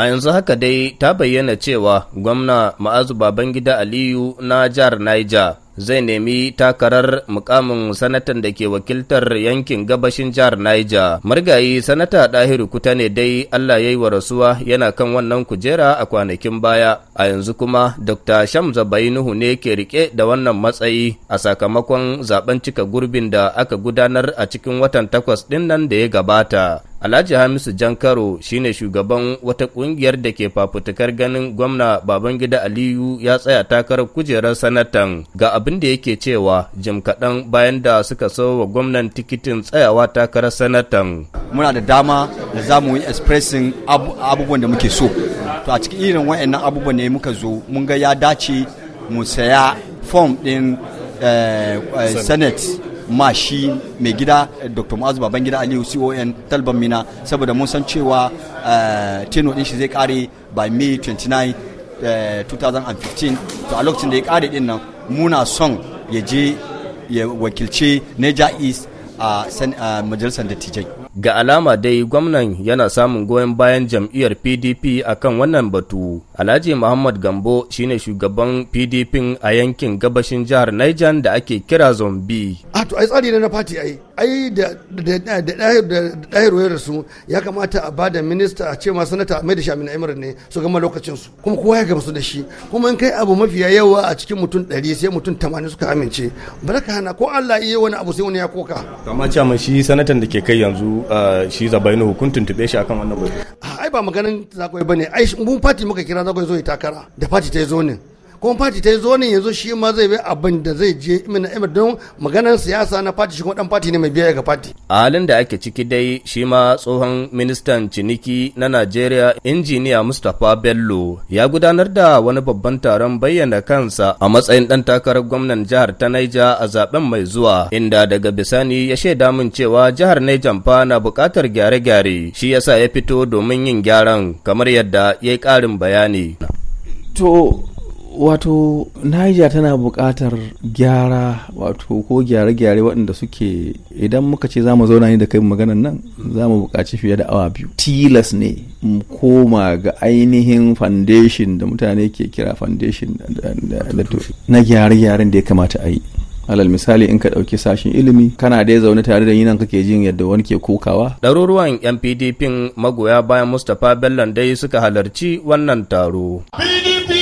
A yanzu haka dai ta bayyana cewa gwamna Ma'azu Babangida Aliyu na jihar Niger zai nemi takarar mukamin sanatan da ke wakiltar yankin gabashin jihar Niger. Margayi sanata Dahiru Kuta ne dai Allah ya yi wa rasuwa yana kan wannan kujera a kwanakin baya. A yanzu kuma Dr. Shamza Bainuhu ne ke rike da wannan matsayi a sakamakon zaben cika gurbin da aka gudanar a cikin watan takwas ɗin nan da ya gabata. Alhaji Hamisu Jankaro shine shugaban wata ƙungiyar da ke fafutukar ganin gwamna Babangida Aliyu ya tsaya takarar kujerar sanatan ga abin da yake cewa jim kaɗan bayan da suka wa gwamnan tikitin tsayawa takarar sanatan. Muna da dama da za mu yi expressing abubuwan da muke so. To a cikin irin wa'annan abubuwan ne muka zo mun ga ya dace mu saya form ɗin eh, eh, Senate ma shi mai gida dr ma'azu gida aliyu con talban mina saboda mun san cewa eh, teno din shi zai kare by may 29 2015 to a lokacin da ya kare din nan muna son ya je ya wakilce Niger East a majalisar dattijai. Ga alama dai gwamnan yana samun goyon bayan jam'iyyar PDP a kan wannan batu. Alhaji Muhammad Gambo shine shugaban PDP a yankin gabashin jihar Niger da ake kira Zombi. to ai tsari ne na fati ai ai da ɗahir wayar su ya kamata a ba da minista a ce ma sanata mai da shamin emirat ne su gama lokacin su kuma kowa ya gamsu da shi kuma in kai abu mafiya yawa a cikin mutum ɗari sai mutum tamanin suka amince ba hana ko Allah iya wani abu sai wani ya koka. kamar cewa shi sanatan da ke kai yanzu shi zabainu hukuntun tuɓe shi akan wannan bai. ai ba maganin zakwai ba ne ai mun fati muka kira zakwai zo ya takara da fati ta zo ne. kuma fati ta zo ne yanzu shi ma zai bi abin da zai je imina don maganar siyasa na fati shi kuma dan fati ne mai biya ga fati a halin da ake ciki dai shi ma tsohon ministan ciniki na Najeriya injiniya Mustapha Bello ya gudanar da wani babban taron bayyana kansa a matsayin dan takarar gwamnan jihar ta Naija a zaben mai zuwa inda daga bisani ya shaida min cewa jihar Niger fa na bukatar gyare-gyare shi yasa ya fito domin yin gyaran kamar yadda ya yi ƙarin bayani to wato niger tana buƙatar gyara wato ko gyare-gyare waɗanda suke idan muka ce za mu zauna ne da kai maganan nan za mu buƙaci fiye da awa biyu tilas ne mu koma ga ainihin foundation da mutane ke kira foundation na gyare-gyaren da ya kamata a yi alal misali in ka ɗauki sashen ilimi kana dai zaune tare da yinan kake jin yadda wani ke kokawa. ɗaruruwan yan pdp magoya bayan mustapha bello dai suka halarci wannan taro pdp